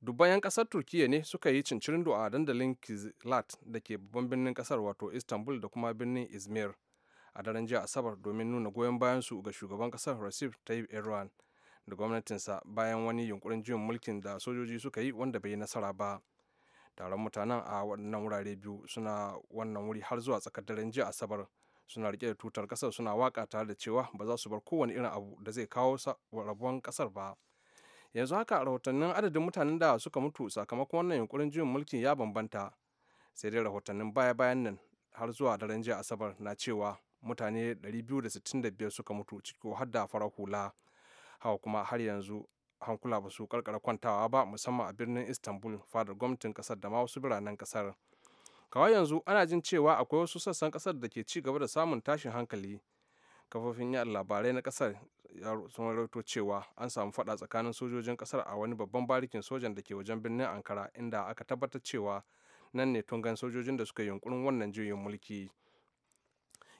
dubban 'yan kasar turkiya ne suka yi cincirindo a dandalin kizilat da ke babban birnin kasar wato istanbul da kuma birnin izmir a daren jiya asabar domin nuna goyon bayan su ga shugaban kasar recep tayyip erdogan da gwamnatinsa bayan wani yunkurin juyin mulkin da sojoji suka yi wanda bai yi nasara ba taron mutanen a wannan wurare biyu suna wannan wuri har zuwa tsakar daren jiya asabar suna rike da tutar kasar suna waka tare da cewa ba za su bar kowane irin abu da zai kawo rabuwan kasar ba yanzu haka rahotannin adadin mutanen da suka mutu sakamakon wannan yunkurin juyin mulkin ya bambanta sai dai rahotannin baya-bayan nan har zuwa daren jiya asabar na cewa mutane 265 suka mutu ciki har da farar hula hawa kuma har yanzu hankula ba su karkara kwantawa ba musamman a birnin istanbul fadar gwamnatin kasar da ma wasu biranen kasar kawai yanzu ana jin cewa akwai wasu sassan kasar da ke ci gaba da samun tashin hankali kafofin yaɗa labarai na kasar sun rawaito cewa an samu fada tsakanin sojojin kasar a wani babban barikin sojan da ke wajen birnin ankara inda aka tabbatar cewa nan ne tungan sojojin da suka yunkurin wannan juyin mulki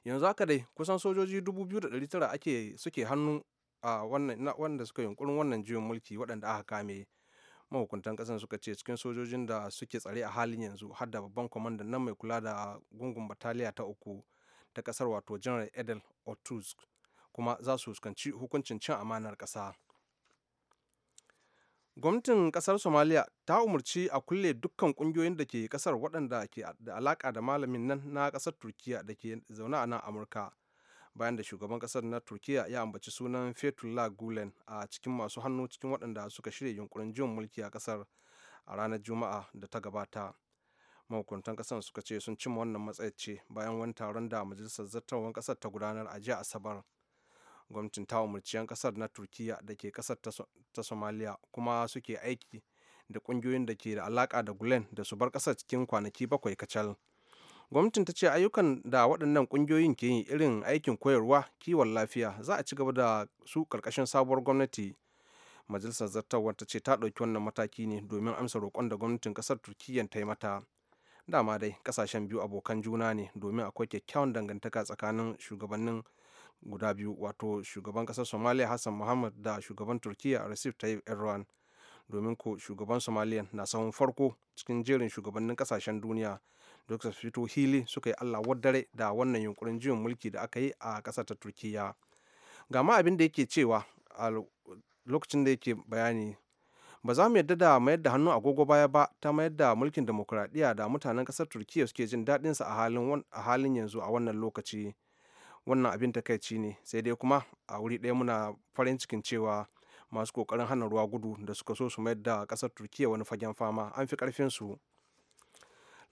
yanzu haka dai kusan sojoji 2,900 ake suke hannu a wannan wanda suka yunkurin wannan juyin mulki wadanda aka kame mahukuntan ƙasar suka ce cikin sojojin da suke tsare a halin yanzu har da babban kwamandan nan mai kula da gungun bataliya ta uku ta ƙasar wato general edel otusk kuma za su fuskanci hukuncin cin amanar ƙasa. Gwamnatin ƙasar Somalia ta umarci a kulle dukkan ƙungiyoyin da ke ƙasar waɗanda ke da alaƙa da malamin nan na ƙasar Turkiya da ke zaune a nan Amurka. Bayan da shugaban ƙasar na Turkiya ya ambaci sunan Fethullah Gulen a cikin masu hannu cikin waɗanda suka shirya yunkurin jin mulki a ƙasar a ranar Juma'a da ta gabata. mahukuntan ƙasar suka ce sun cimma wannan matsayi bayan wani taron da majalisar zartarwar ƙasar ta gudanar a jiya asabar gwamnatin ta umarci kasar na turkiya da ke kasar ta somaliya kuma suke aiki da kungiyoyin da ke da alaka da gulen da su bar kasar cikin kwanaki bakwai kacal gwamnatin ta ce ayyukan da waɗannan kungiyoyin ke yi irin aikin koyarwa kiwon lafiya za a ci gaba da su ƙarƙashin sabuwar gwamnati majalisar zartarwar ta ce ta ɗauki wannan mataki ne domin amsa roƙon da gwamnatin ƙasar turkiyya ta yi mata dama dai ƙasashen biyu abokan juna ne domin akwai kyakkyawan dangantaka tsakanin shugabannin guda biyu wato shugaban kasar somaliya hassan muhammad da shugaban turkiya recep tayyip erdogan domin ko shugaban somaliya na sahun farko cikin jerin shugabannin kasashen duniya duk su fito hili suka yi allah wadare da wannan yunkurin juyin mulki da aka yi a kasar ta turkiya ga ma abin da yake cewa a lokacin da yake bayani ba za mu yarda da mayar da hannu agogo baya ba ta mayar da mulkin demokuraɗiyya da mutanen ƙasar turkiya suke jin daɗinsa a halin yanzu a wannan lokaci wannan abin takaici ne sai dai kuma a wuri ɗaya muna farin cikin cewa masu ƙoƙarin hana ruwa gudu da suka so su mayar da ƙasar turkiya wani fagen fama an fi karfin su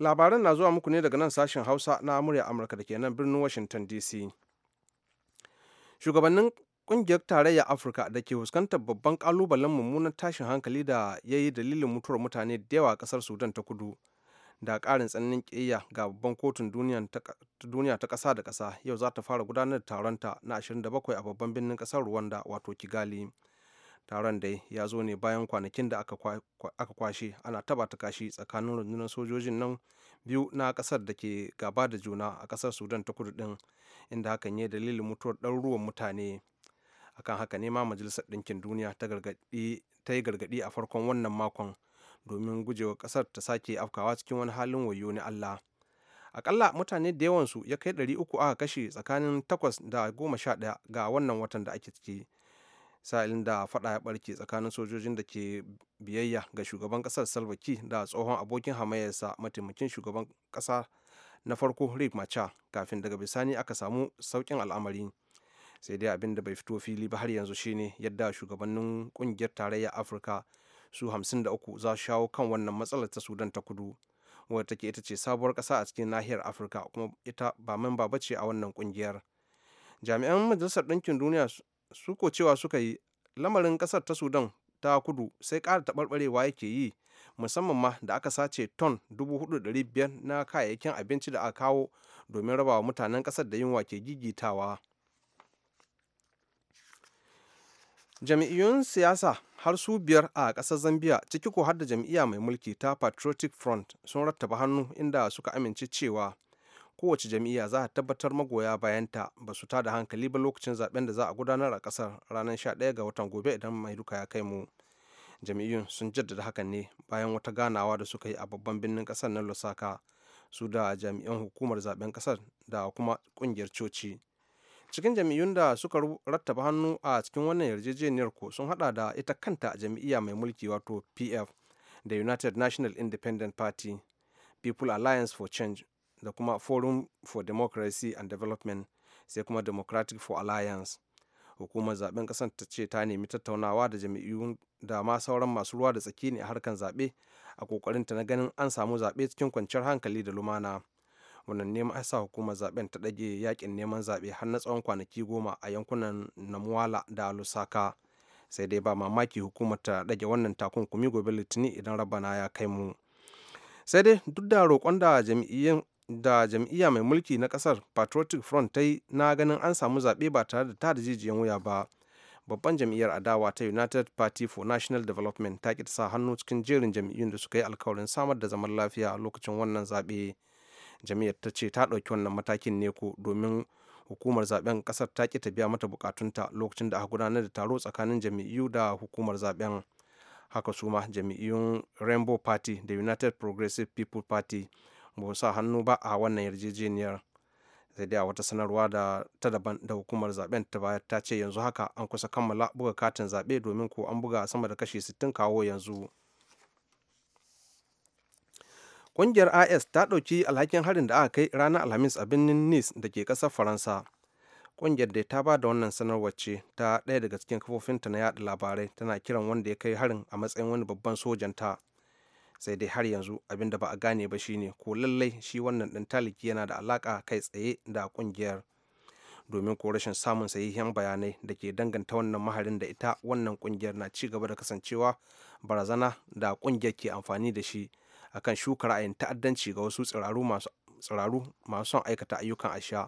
labaran na zuwa muku ne daga nan sashen hausa na amurya amurka da ke nan birnin washington dc shugabannin kungiyar tarayya afirka da ke fuskantar babban ƙalubalen mummunan tashin hankali da ya yi dalilin mutuwar mutane da yawa a kasar sudan ta kudu da karin tsananin ƙiyayya ga babban kotun duniya ta ƙasa da kasa yau za ta fara gudanar da taronta na 27 a babban birnin ƙasar rwanda wato kigali taron dai ya zo ne bayan kwanakin da aka kwashe ana taba ta kashi tsakanin rundunar sojojin nan biyu na ƙasar da ke gaba da juna a ƙasar sudan ta kudu din inda hakan ya dalilin mutuwar ruwan mutane akan haka ne ma majalisar ɗinkin duniya ta yi gargaɗi a farkon wannan makon domin gujewa kasar ta sake afkawa cikin wani halin wayo na Allah. Akalla mutane da yawansu ya kai ɗari uku aka kashe tsakanin takwas da goma sha ɗaya ga wannan watan da ake ciki. Sa'ilin da faɗa ya barke tsakanin sojojin da ke biyayya ga shugaban ƙasar Salva da tsohon abokin hamayyarsa mataimakin shugaban ƙasa na farko Rick Macha kafin daga bisani aka samu sauƙin al'amari. sai dai abin da bai fito fili ba har yanzu shine yadda shugabannin ƙungiyar tarayyar afirka su 53 za su shawo kan wannan matsalar ta sudan ta kudu wadda take ita ce sabuwar kasa a cikin nahiyar afirka kuma ita ba mamba ba ce a wannan kungiyar jami'an majalisar ɗinkin duniya su ko cewa suka yi lamarin ƙasar ta sudan ta kudu sai ƙara taɓarɓarewa yake yi musamman ma da aka sace ton 4,500 na kayayyakin abinci da aka kawo domin rabawa mutanen ƙasar da yunwa ke gigitawa jami'iyun siyasa har su biyar a ƙasar zambia ciki ko har da jam'iyya mai mulki ta patriotic front sun rattaba hannu inda suka amince cewa kowace jam'iyya za a tabbatar magoya bayanta ba su tada hankali ba lokacin zaben da za a gudanar a ƙasar ranar 11 ga watan gobe idan mai duka ya kai mu jam'iyyun sun jaddada hakan ne bayan wata ganawa da suka yi a babban birnin ƙasar na lusaka su da jami'an hukumar zaben ƙasar da kuma ƙungiyar coci. cikin jam'iyyun da suka rattaba hannu a cikin wannan yarjejeniyar ko sun hada da ita kanta jam'iyya mai mulki wato pf da united national independent party people alliance for change da kuma forum for democracy and development sai kuma democratic for alliance hukumar zaben kasar ta ce ta nemi tattaunawa da jami'un da ma sauran masu ruwa da tsaki ne a harkar zaɓe a ƙoƙarinta na ganin an samu zaɓe cikin kwanciyar hankali da lumana wannan neman sa hukumar zaben ta ɗage yakin neman zaɓe har na tsawon kwanaki goma a yankunan namuwala da alusaka sai dai ba mamaki hukumar ta dage wannan takunkumi gobe litini idan rabana ya kai mu sai dai duk da roƙon da jam'iyyun da jam'iyya mai mulki na kasar patriotic front ta yi na ganin an samu zaɓe ba tare da tada jijiyan wuya ba babban jam'iyyar adawa ta united party for national development ta ƙi sa hannu cikin jerin jam'iyyun da suka yi alkawarin samar da zaman lafiya lokacin wannan zaɓe jami'ar ta ce ta ɗauki wannan matakin ne ko domin hukumar zaben kasar ta ki ta biya mata bukatunta lokacin da aka gudanar da taro tsakanin jami'u da hukumar zaben haka suma ma jami'un rainbow party da united progressive people party ba sa hannu ba a wannan yarjejeniyar sai dai a wata sanarwa da ta daban da hukumar zaben ta bayar ta ce yanzu haka an kusa kammala buga katin zaɓe domin ko an buga sama da kashi 60 kawo yanzu. Ƙungiyar IS ta ɗauki alhakin harin da aka kai ranar Alhamis a birnin Nice da ke ƙasar Faransa. Ƙungiyar da ta ba da wannan sanarwar ce ta ɗaya daga cikin kafofin ta na yaɗa labarai tana kiran wanda ya kai harin a matsayin wani babban ta Sai dai har yanzu abin da ba a gane ba shine ko lallai shi wannan ɗan taliki yana da alaƙa kai tsaye da ƙungiyar. domin ko rashin samun sahihan bayanai da ke danganta wannan maharin da ita wannan kungiyar na ci gaba da kasancewa barazana da kungiyar ke amfani da shi akan shuka ra'ayin ta'addanci ga wasu tsiraru masu son aikata ayyukan asha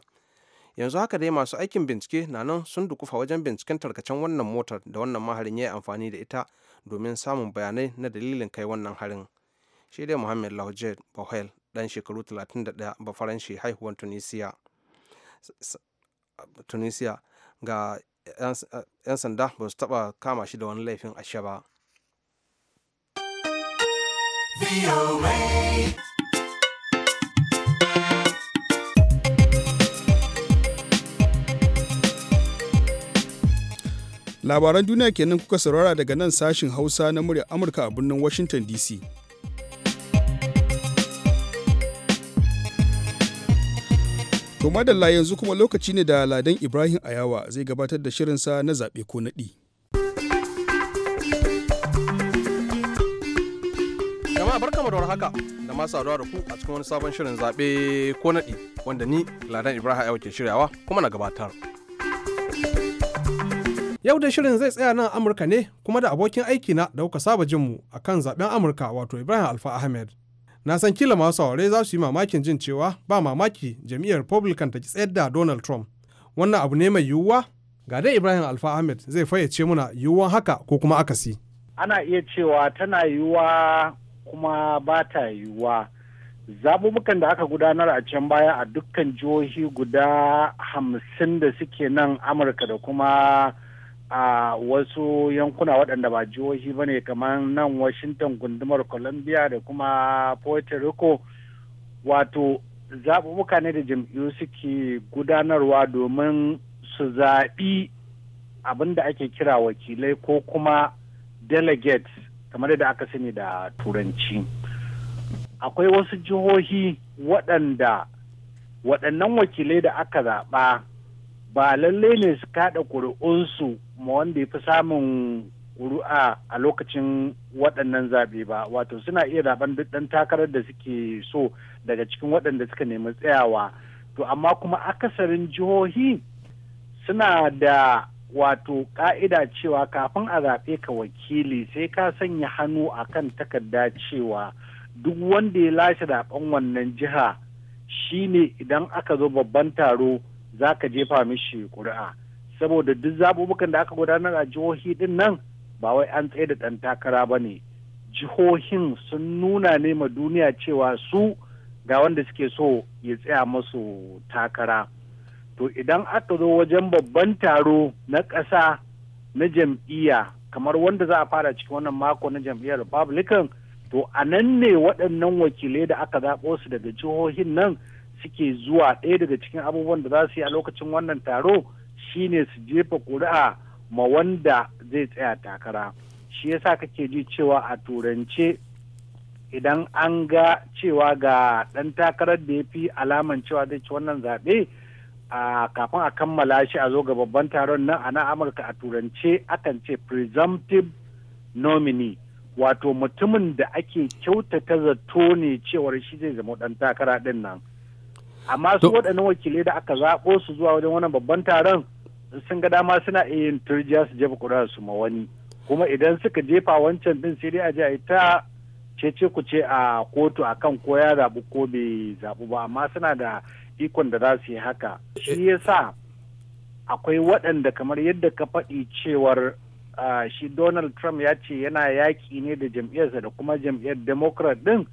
yanzu haka dai masu aikin bincike na nan sun dukufa wajen binciken tarkacen wannan motar da wannan maharin ya yi amfani da ita domin samun bayanai na dalilin kai wannan harin shi dai muhammad laujed bahel dan shekaru 31 ba faranshi haihuwar tunisia tunisia ga 'yan sanda ba su taba kama shi da wani laifin ashe ba Labaran duniya kenan kuka saurara daga nan sashin Hausa na murya Amurka a birnin Washington DC. To madalla yanzu kuma lokaci ne da Ladan Ibrahim Ayawa zai gabatar da shirinsa na zaɓe ko naɗi. jama'a barkamu da haka da masu saduwa da ku a cikin wani sabon shirin zaɓe ko naɗi wanda ni Ladan Ibrahim ya ke shiryawa kuma na gabatar. Yau da shirin zai tsaya nan Amurka ne kuma da abokin aiki na da kuka saba jin mu kan zaɓen Amurka wato Ibrahim Alfa Ahmed. Na san kila masu saurare za su yi mamakin jin cewa ba mamaki jam'iyyar Republican ta ki tsayar da Donald Trump. Wannan abu ne mai yiwuwa? Ga dai Ibrahim Alfa Ahmed zai fayyace muna yiwuwan haka ko kuma akasi. Ana iya cewa tana yiwuwa kuma ba ta yiwuwa zaɓuɓɓukan da aka gudanar a can baya a dukkan jihohi guda hamsin da suke nan amurka da kuma a wasu yankuna waɗanda ba jihohi ba ne kamar nan washington gundumar columbia da kuma puerto rico wato zaɓuɓɓuka ne da jam'iyyu suke gudanarwa domin su zaɓi abinda ake kira wakilai ko kuma delegates kamar yadda aka sani da turanci akwai wasu jihohi waɗanda waɗannan wakilai da aka zaɓa ba lallai ne su kaɗa ƙuri'unsu ma wanda ya fi samun ƙuri'a a lokacin waɗannan zaɓe ba wato suna iya zaɓen duk ɗan takarar da suke so daga cikin waɗanda suka nemi tsayawa to amma kuma akasarin jihohi suna da wato ka'ida cewa kafin a zaɓe ka wakili sai ka sanya hannu a kan takarda cewa duk wanda ya lashe zaɓen wannan jiha shine idan aka zo babban taro za ka jefa mishi ƙuri'a saboda duk zaɓuɓɓukan da aka gudanar a jihohi ɗin nan ba wai an tsaye da ɗan takara ba ne jihohin sun nuna ne ma duniya cewa su ga wanda suke so ya tsaya masu takara to idan aka zo wajen babban taro na ƙasa na jam'iyya kamar wanda za a fara cikin wannan mako na jam'iyyar republican to a nan ne waɗannan wakilai da aka zaɓo su daga jihohin nan suke zuwa ɗaya daga cikin abubuwan da za su yi a lokacin wannan taro shine su jefa ƙuri'a ma wanda zai tsaya takara shi yasa kake ji cewa a turance idan an ga cewa ga ɗan takarar da ya fi alaman cewa zai ci wannan zaɓe a kafin a kammala shi a zo ga babban taron nan a nan amurka a turance akan ce presumptive nominee wato mutumin da ake kyautata zato ne cewar shi zai zama dan takara din nan amma su waɗannan wakilai da aka zaɓo su zuwa wajen wannan babban taron sun ga dama suna iya yin turjiya su jefa kuɗa su ma wani kuma idan suka jefa wancan din sai dai a je a ta ce-ce ku ce a kotu akan ko ya zaɓi ko bai zaɓi ba amma suna da ikon da za su yi haka shi eh. ya sa akwai waɗanda kamar yadda ka faɗi cewar shi donald trump ya ce yana yaƙi ne da jam'iyyarsa da kuma jam'iyyar democrat ɗin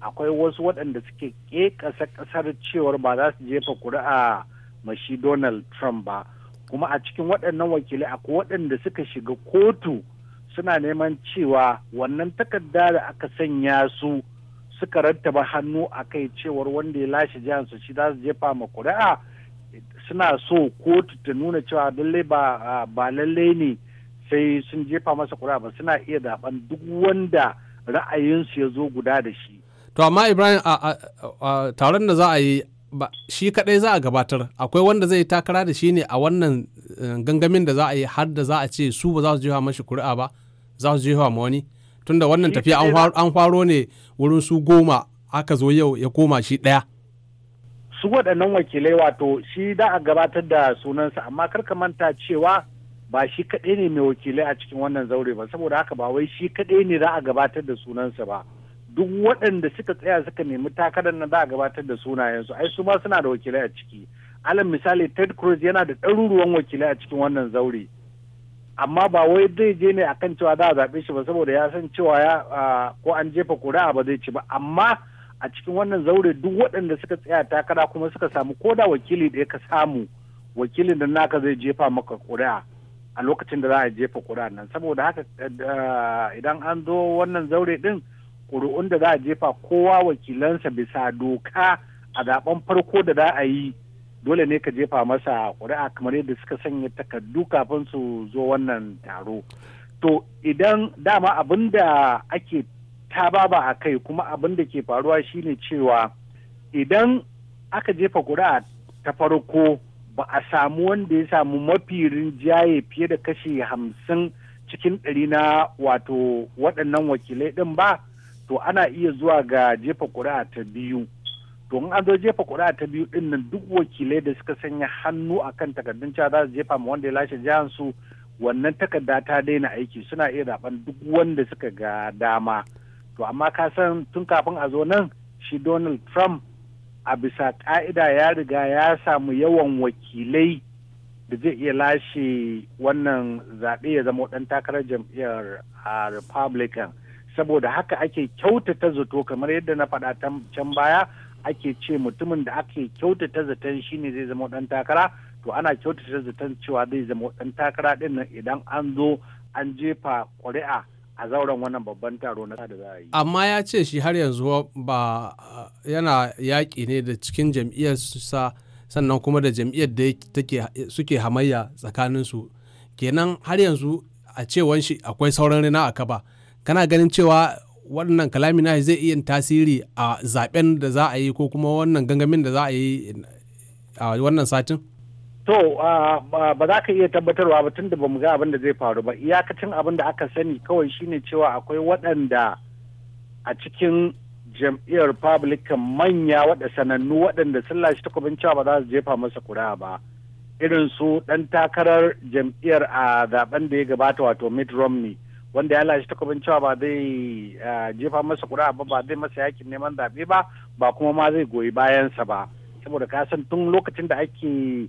akwai wasu waɗanda suke ƙasa ƙasar cewar ba za su jefa ƙuri'a ma shi donald trump ba kuma a cikin waɗannan wakilai akwai waɗanda suka shiga kotu suna neman cewa wannan takarda da aka sanya su suka rattaba hannu a kai cewar wanda ya lashe su shi za su jefa ma kuri'a suna so kotu ta nuna cewa lallai ba lallai ne sai sun jefa masa kuri'a ba suna iya zaben duk wanda ra'ayinsu ya zo guda da shi. To amma Ibrahim a taron da za a yi ba shi kadai za a gabatar akwai wanda zai takara da shi ne a wannan eh, gangamin da za a yi har da za a ce su ba za su jefa mashi kuri'a ba za su jefa ma wani. tunda wannan tafiya an faro ne wurin su goma aka zo yau ya koma shi ɗaya su waɗannan wakilai wato shi da a gabatar da sunansa amma karka manta cewa ba shi kaɗai ne mai wakilai a cikin wannan zaure ba saboda haka ba wai shi kaɗai ne za a gabatar da sunansa ba duk waɗanda suka tsaya suka nemi takarar na za a gabatar da sunayensu ai su ma suna da wakilai a ciki alal misali ted cruz yana da ɗaruruwan wakilai a cikin wannan zaure amma ba wai zai je ne akan cewa za a zaɓe shi ba saboda ya san cewa ya ko an jefa kuri'a ba zai ci ba amma a cikin wannan zaure duk waɗanda suka tsaya takara kuma suka samu ko da wakili da ka samu wakilin da naka zai jefa maka kuri'a a lokacin da za a jefa ƙuri'a nan saboda haka eh, idan an zo wannan zaure ɗin kuri'un da za a jefa kowa wakilansa bisa doka a zaben farko da za a yi dole ne ka jefa masa ƙuri'a kamar yadda suka sanya takardu kafin su zo wannan taro to idan dama abin da ake ta baba a kai kuma abin da ke faruwa shine cewa idan aka jefa ƙuri'a ta farko ba a samu wanda ya samu mafi rinjaye fiye da kashi hamsin cikin ɗari na wato waɗannan wakilai ɗin ba to ana iya zuwa ga jefa ƙuri'a ta biyu don an zo jefa kuɗa ta biyu din nan duk wakilai da suka sanya hannu akan takardun cewa za su jefa ma wanda ya lashe jihar su wannan takarda ta daina aiki suna iya zaɓen duk wanda suka ga dama to amma ka san tun kafin a zo nan shi Donald Trump a bisa ka'ida ya riga ya samu yawan wakilai da zai iya lashe wannan zaɓe ya zama ɗan takarar jam'iyyar Republican saboda haka ake kyautata zato kamar yadda na faɗa can baya ake ce mutumin da ake kyautata zaton shi ne zai zama dan takara to ana kyautata zaton cewa zai zama dan takara din nan idan an zo an jefa ƙuri'a a zauren wannan babban taro na da za a yi. Amma ya ce shi har yanzu ba yana yaƙi ne da cikin jam'iyyar sa sannan kuma da jam'iyyar da suke hamayya tsakanin su kenan har yanzu a cewan shi akwai sauran rina a kaba kana ganin cewa wannan kalami na zai iya tasiri a zaben da za a yi ko kuma wannan gangamin da za a yi a wannan satin? To ba za ka iya tabbatarwa ba tun da ba mu ga abin da zai faru ba iyakacin abin da aka sani kawai shine cewa akwai waɗanda a cikin jam'iyyar republican manya waɗa sanannu waɗanda sun lashe takobin cewa ba za su jefa masa kura ba irin su ɗan takarar jam'iyyar a zaben da ya gabata wato mitt romney wanda ya lashe takobin cewa ba zai jefa masa kura ba ba zai masa yakin neman zaɓe ba ba kuma ma zai goyi bayansa ba saboda ka san tun lokacin da ake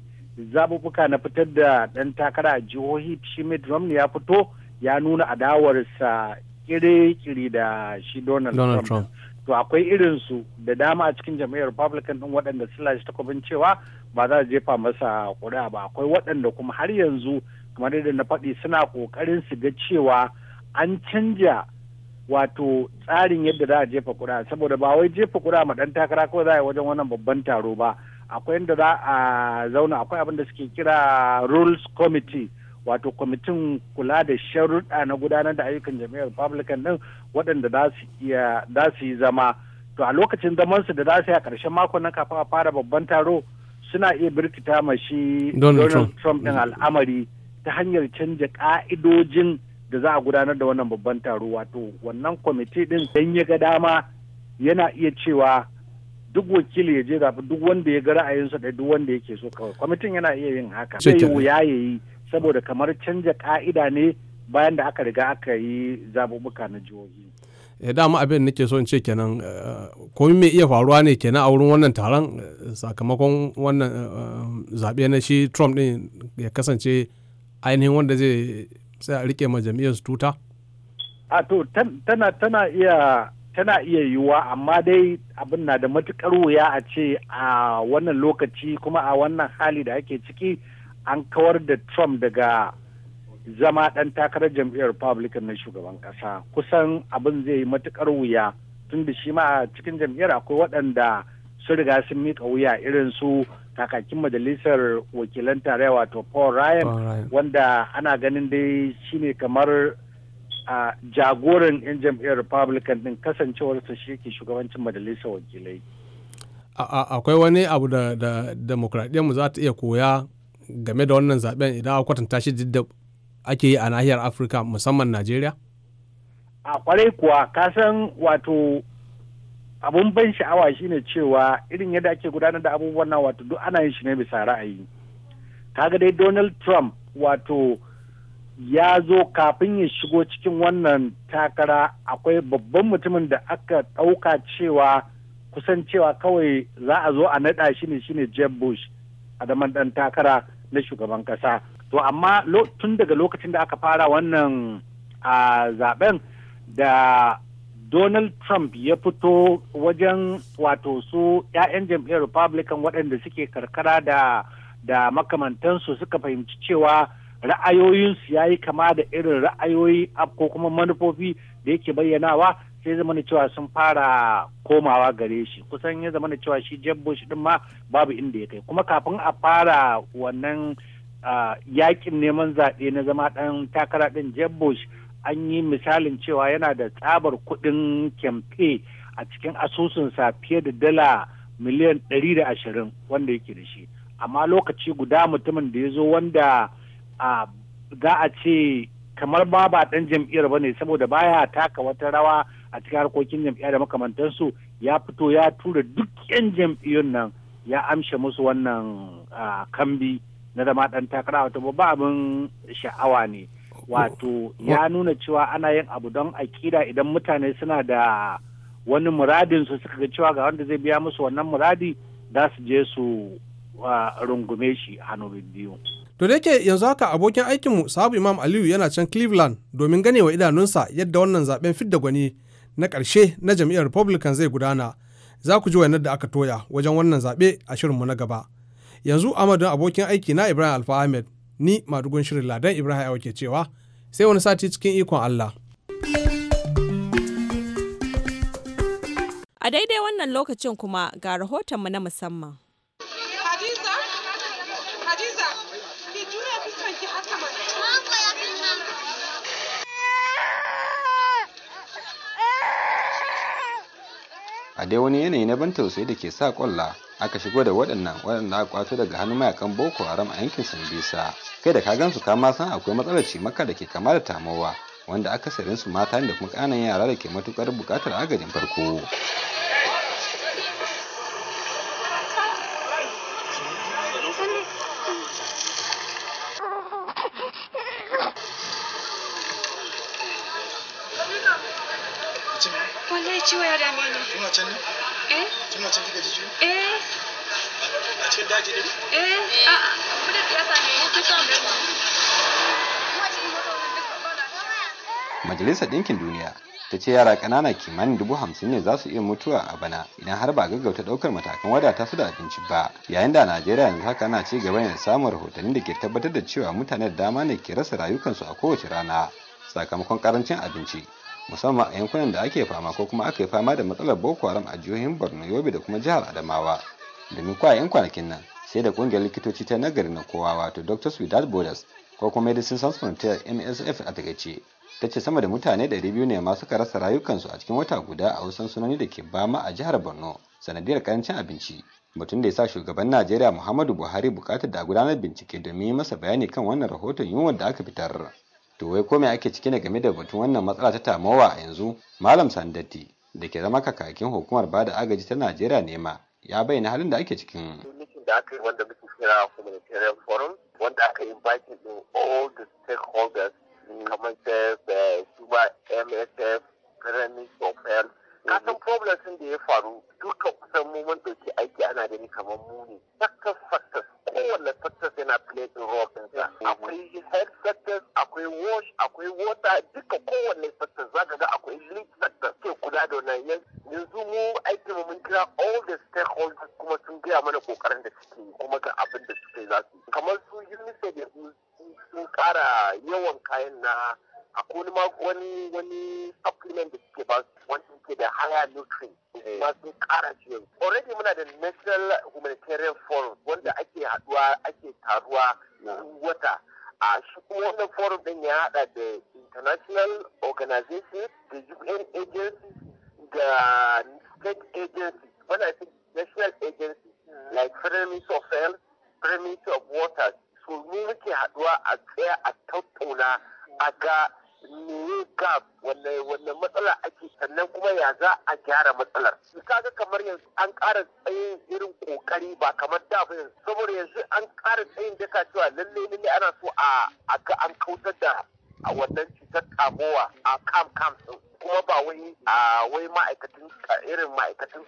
zabubuka na fitar da ɗan takara a jihohi shi Mitt Romney ya fito ya nuna adawarsa kire-kire da shi Donald, Trump. To akwai irin su da dama a cikin jam'iyyar Republican din waɗanda su lashe takobin cewa ba za a jefa masa ƙuri'a ba akwai waɗanda kuma har yanzu kamar yadda na faɗi suna ƙoƙarin su ga cewa an canja wato tsarin yadda za a jefa kura saboda ba wai jefa kura ma dan takara ko za a yi wajen wannan babban taro ba akwai inda za a zauna akwai abin da suke kira rules committee wato kwamitin kula da sharuɗa na gudanar da ayyukan jami'ar republican din waɗanda za su yi zama to a lokacin zaman su da za su yi a ƙarshen mako nan kafin a fara babban taro suna iya birkita mashi donald trump ɗin al'amari ta hanyar canja ƙa'idojin da za a gudanar da wannan babban taro wato wannan kwamiti din dan ya ga dama yana iya cewa duk wakili ya je zafi duk wanda ya ga ra'ayinsa da duk wanda yake so kawai kwamitin yana iya yin haka sai wuya ya yi saboda kamar canja ka'ida ne bayan da aka riga aka yi zaɓuɓɓuka na jihohi ya eh, dama abin nake so in ce kenan eh, komai mai iya faruwa ne kenan a wurin wannan taron eh, sakamakon wannan zaɓe na shi trump din ya kasance ainihin wanda zai sai a rike ma jam'iyyar su tuta a to tana iya yiwuwa amma dai abin na da matukar wuya a ce a wannan lokaci kuma a wannan hali da ake ciki an kawar da trump daga zama ɗan takarar jam'iyyar republican na shugaban ƙasa kusan abin zai yi matukar wuya tun da shi ma a cikin jam'iyyar akwai waɗanda sun riga sun miƙa wuya irin su kakakin majalisar wakilan tarayya wato paul ryan wanda ana ganin dai shine kamar a jagoran 'yan jam'iyyar republican din kasancewarsa shi ke shugabancin majalisar wakilai akwai wani abu da mu za ta iya koya game da wannan zaben idan a kwatanta shi da ake yi a nahiyar afirka musamman najeriya a kwarai kuwa kasan wato abun ban sha'awa shine cewa irin yadda ake gudanar da abubuwan nan wato duk ana yin shi ne bisa ra'ayi kaga dai donald trump wato ya zo kafin ya shigo cikin wannan takara akwai babban mutumin da aka ɗauka cewa kusan cewa kawai za a zo a naɗa shi ne shine jeb bush a zaman ɗan takara na shugaban ƙasa to amma tun daga lokacin da aka fara wannan a zaben da Donald Trump ya fito wajen wato su 'ya'yan jam'iyyar Republican waɗanda suke karkara da da makamantansu suka fahimci cewa ra'ayoyinsu ya yi kama da irin ra'ayoyi ko kuma manufofi da yake bayyanawa sai zama cewa sun fara komawa gare shi kusan ya zama cewa shi jebbo shi ɗin ma babu inda ya kai kuma kafin a fara wannan yakin neman zaɓe na zama ɗan takara ɗin jebbo shi an yi misalin cewa yana da tsabar kuɗin kyamfe a cikin asusunsa fiye da dala miliyan 120 wanda yake da shi amma lokaci guda mutumin da ya zo wanda za a ce kamar ba ba ɗan jam'iyyar ba ne saboda baya taka wata rawa a cikin harkokin jam'iyya da makamantansu ya fito ya tura duk 'yan jam'iyyun nan ya amshe musu wannan kambi na zama ɗan takara wata ba abin sha'awa ne. wato ya nuna cewa ana yin abu don akida idan mutane suna da wani muradin su suka ga cewa ga wanda zai biya musu wannan muradi za su je su rungume shi hannun biyu. To da yake yanzu haka abokin aikinmu Sabu Imam Aliyu yana can Cleveland domin ganewa idanunsa yadda wannan zaben fidda gwani na karshe na jam'iyyar Republican zai gudana. Za ku ji wayanar da aka toya wajen wannan zaɓe a shirinmu na gaba. Yanzu Amadu abokin aiki na Ibrahim Alfa Ahmed ni madugun shirin ladan ibrahim awa ke cewa sai wani sati cikin ikon allah a daidai wannan lokacin kuma ga rahotonmu na musamman a dai wani yanayi na ban tausayi da ke sa kwalla aka shigo da waɗannan waɗanda aka kwato daga hannun mayakan boko haram a yankin sambisa kai da ka gansu ka ma san akwai matsalar cimaka da ke kama da tamowa wanda akasarin su mata da kuma ƙanan yara da ke matukar buƙatar agajin farko eh, eh? Ah, Majalisar Ɗinkin Duniya ta ce yara ƙanana kimanin dubu hamsin ne za su iya mutuwa a bana idan har ba gaggauta ɗaukar matakan wadata su da abinci ba yayin da najeriya yanzu haka ana ci gaba da samun rahotanni da ke tabbatar da cewa mutane da dama ne ke rasa rayukansu a kowace rana sakamakon ƙarancin abinci musamman a yankunan da ake fama ko kuma aka yi fama da matsalar boko haram a jihohin borno yobe da kuma jihar adamawa domin kwa yan kwanakin nan sai da kungiyar likitoci ta nagari na kowa wato doctors without borders ko kuma medicine sans frontier msf a takaice ta ce sama da mutane 200 ne ma suka rasa rayukansu a cikin wata guda a wasu sansanoni da ke bama a jihar borno sanadiyar karancin abinci Mutum da ya sa shugaban najeriya muhammadu buhari bukatar da gudanar bincike domin yi masa bayani kan wannan rahoton yunwar da aka fitar to wai ko me ake ciki ne game da batun wannan matsala ta tamowa a yanzu malam sandatti da ke zama kakakin hukumar bada agaji ta najeriya nema ya bayyana halin da ake cikin da aka yi wanda muke kira communitarian forum wanda aka yi bakin din all the premise of hell, premise of water. So mu haɗuwa a tsaya a tattauna a ga me gap wanne matsala ake sannan kuma ya za a gyara matsalar kaga kamar yanzu an ƙara tsayin irin kokari ba kamar da ba yanzu saboda yanzu an ƙara tsayin daka cewa lalle lalle ana so a ga an kautar da a wannan cutar kamowa a kam kam kuma ba wai a wai ma'aikatan irin ma'aikatan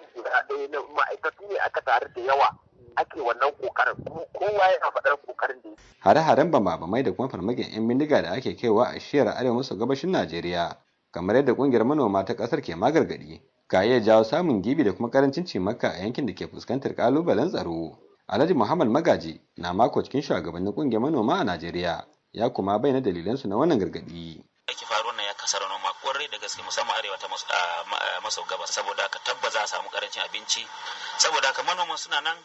su ne aka tare da yawa ake wannan kokarin kowa yana faɗar kokarin da hare-haren bama-bamai da kuma farmakin 'yan bindiga da ake kaiwa a shiyar arewa maso gabashin najeriya kamar yadda kungiyar manoma ta kasar ke magargadi ka iya jawo samun gibi da kuma karancin cimaka a yankin da ke fuskantar kalubalen tsaro alhaji muhammad magaji na mako cikin shugabannin kungiyar manoma a najeriya ya kuma bayyana dalilansu na wannan gargaɗi gargadi faru na ya kasar noma kwarai da gaske musamman arewa ta maso gabas saboda ka tabbaza a samu karancin abinci saboda ka manoman suna nan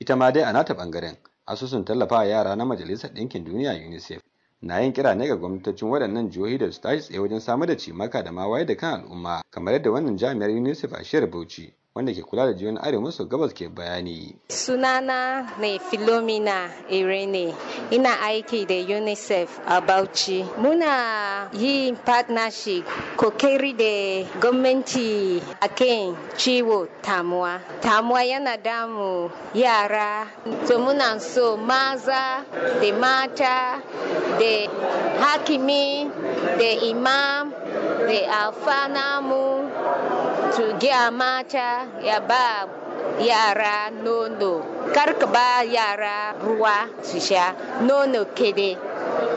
ita ma dai a nata bangaren asusun tallafa yara na majalisar ɗinkin duniya unicef na yin kira ne ga gwamnatocin waɗannan jihohi da su tashi tsaye wajen samar da cimaka da ma wayar da kan al'umma kamar yadda wannan jami'ar unicef a shirya bauchi wanda ke kula da jiyoyin arewa gabas ke bayani. Sunana ne Philomena Irene, ina aiki da UNICEF a Bauchi. Muna yi partnership kokiri da gwamnati a kan ciwo tamuwa. Tamuwa yana damu yara, to muna so maza da mata da hakimi da imam they are fanamu to mata ya ba yara nono kar ba yara ruwa su sha nono kede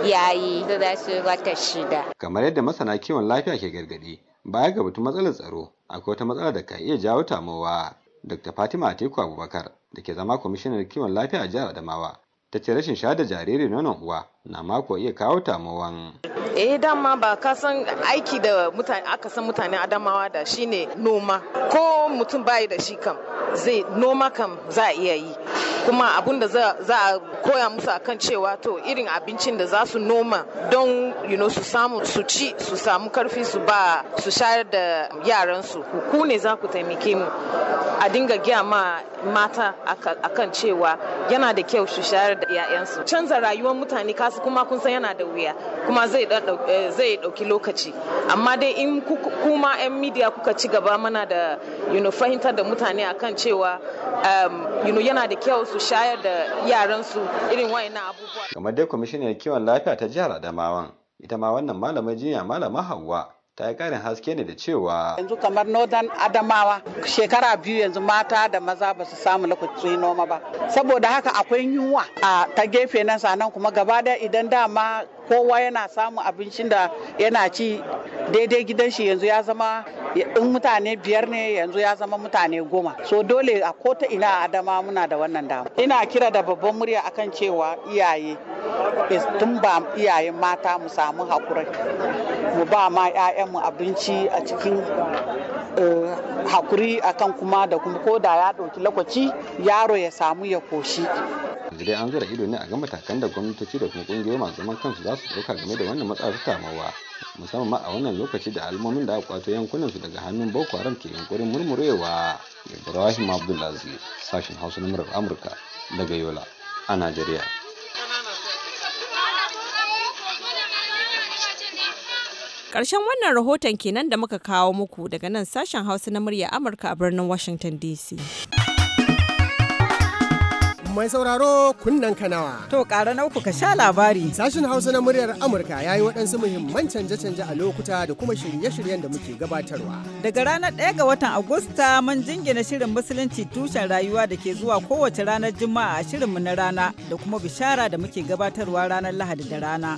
yayi da za su wata shida kamar yadda masana kiwon lafiya ke gargadi baya ga batun matsalar tsaro akwai wata matsala da ka iya jawo tamowa dr fatima atiku abubakar da ke zama kwamishinar kiwon lafiya a jihar adamawa ta ce rashin sha da jariri nonon uwa na mako iya kawo tamuwan. eh dama ba ka san aiki da mutane aka san mutane adamawa da shine noma ko mutum bayi da shi kam zai noma kam za a iya yi kuma abun da za a koya musu akan cewa to irin abincin da za su noma don you su samu su ci su samu karfi su ba su shayar da yaransu ku ne za ku taimake mu a dinga giya ma mata akan cewa yana da kyau su shayar da 'ya'yansu canza rayuwar mutane kasu kuma kun san yana da wuya kuma zai eh, ɗauki lokaci amma dai in kuma 'yan midiya kuka ci gaba mana da you fahimtar da mutane akan cewa um, yana da kyau su shayar da yaransu irin wayannan abubuwa. Kamar dai kwamishinar kiwon lafiya ta jihar Adamawan ita ma wannan malamar jinya malama Hauwa ta yi karin haske ne da cewa yanzu kamar northern adamawa shekara biyu yanzu mata da maza ba su samu lokacin noma ba saboda haka akwai yunwa a ta gefe nan sanan kuma gaba da idan dama kowa yana samun abincin da yana ci daidai gidan shi yanzu ya zama in mutane biyar ne yanzu ya zama mutane goma so dole a ko ta ina adama muna da wannan damu ina kira da babban murya akan cewa iyaye tun ba iyaye mata mu samu hakurai mu ba ma 'ya'yanmu abinci a cikin Eh, hakuri akan kuma da kuma ko da ya ɗauki lokaci yaro ya samu ya koshi dai an zura ido ne a ga matakan da gwamnatoci da kuma kungiyoyi masu zaman kansu za su ɗauka game da wannan matsalar tamawa musamman ma a wannan lokaci da almomin da aka kwato yankunan su daga hannun boko haram ke yankurin murmurewa ibrahim abdulaziz sashen hausa na murar amurka daga yola a najeriya Karshen wannan rahoton kenan da muka kawo muku daga nan sashen Hausa na murya Amurka a birnin Washington DC. mai sauraro kunnen kanawa. To ƙara nauku ka sha labari. Sashen Hausa na muryar Amurka ya yi waɗansu muhimman canje-canje a lokuta da kuma shirye-shiryen da muke gabatarwa. Daga ranar 1 ga watan Agusta mun jingina shirin Musulunci tushen rayuwa da ke zuwa kowace ranar Juma'a a shirinmu na rana da kuma bishara da muke gabatarwa ranar Lahadi da rana.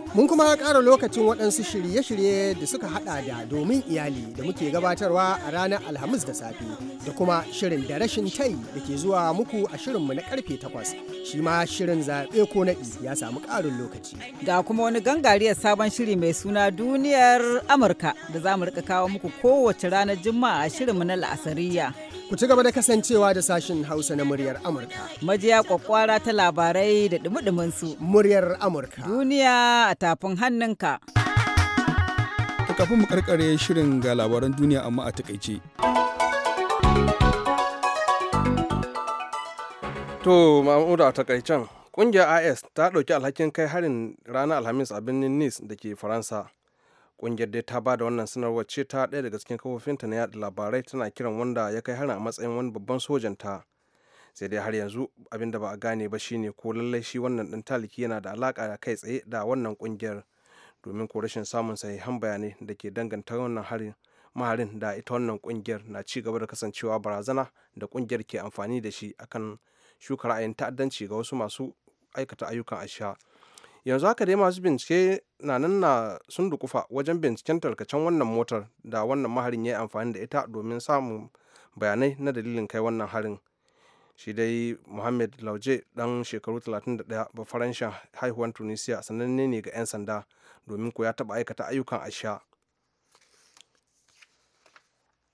Mun kuma ƙara lokacin waɗansu shirye-shirye da suka haɗa da domin iyali da muke gabatarwa a ranar Alhamis da safe da kuma shirin da rashin tai da ke zuwa muku a shirinmu na karfe takwas. Shi ma shirin zaɓe ko naɗi ya samu ƙarin lokaci. Ga kuma wani gangariyar sabon shiri mai suna duniyar Amurka da za mu rika kawo muku kowace ranar Juma'a a shirinmu na La'asariya. Ku ci gaba da kasancewa da sashin Hausa na muryar Amurka. Majiya kwakwara ta labarai da dumi su. Muryar Amurka. Duniya a tafin hannunka. Ta kafin mu karkare shirin ga labaran duniya amma a takaice. To, Mahmudu a takaicen, ƙungiyar IS ta ɗauki alhakin kai harin ranar Alhamis a birnin Nice da ke Faransa. Ƙungiyar dai ta ba da wannan sanarwar ce ta ɗaya daga cikin kafofinta na yada labarai tana kiran wanda ya kai harin a matsayin wani babban sojanta. ta. sai dai har yanzu abin da ba a gane ba shine ko lallai shi wannan dan taliki yana da alaƙa kai tsaye da wannan kungiyar domin ko rashin samun sahihan bayanai da ke danganta wannan harin maharin da ita wannan kungiyar na ci gaba da kasancewa barazana da ƙungiyar ke amfani da shi akan shuka ra'ayin ta'addanci ga wasu masu aikata ayyukan asha yanzu haka dai masu bincike na nan na sun dukufa wajen binciken tarkacen wannan motar da wannan maharin ya yi amfani da ita domin samun bayanai na dalilin kai wannan harin shi dai mohamed lauje dan shekaru 31 bafaranshin haihuwan tunisia sananne ne ga 'yan sanda domin ko ya taba aikata ayyukan asha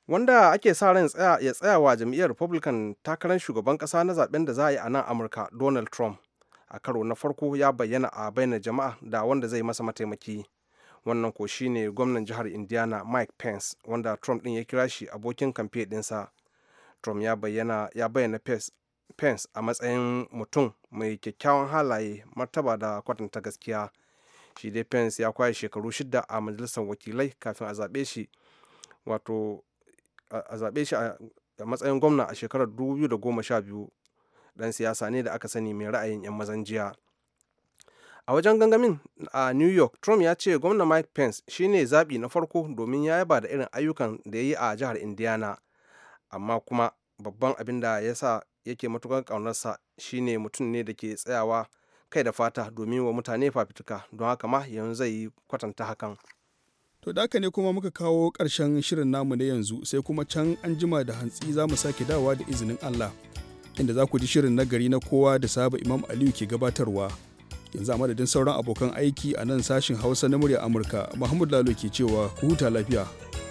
wanda ake sa ran ya tsaya wa jam'iyyar republican takarar shugaban kasa na zaben da za a yi a nan amurka donald trump a karo na farko ya bayyana a bainar jama'a da wanda zai masa mataimaki wannan ko shine gwamnan jihar indiana mike pence wanda trump din ya kira shi abokin kamfe dinsa trump ya bayyana ya bayyana pence a matsayin mutum mai kyakkyawan halaye martaba da kwatanta gaskiya shi dai pence ya kwaye shekaru shida a majalisar wakilai kafin a zaɓe shi wato a zaɓe shi a matsayin gwamna a shekarar 2012 dan siyasa ne da aka sani mai ra'ayin 'yan mazan jiya a wajen gangamin a new york trump ya ce gwamna mike pence shine zaɓi na farko domin ya yaba da irin ayyukan da ya yi a jihar indiana amma kuma babban abin da ya sa yake matukar ƙaunarsa shine mutum ne da ke tsayawa kai da fata domin wa mutane fafituka don haka ma yanzu zai yi kwatanta hakan to da haka ne kuma muka kawo ƙarshen shirin namu na yanzu sai kuma can an jima da hantsi za mu sake dawa da izinin allah inda za ku ji shirin nagari na kowa da saba imam aliyu ke gabatarwa yanzu a madadin sauran abokan aiki a nan sashin hausa na murya amurka mahmud lalo ke cewa ku huta lafiya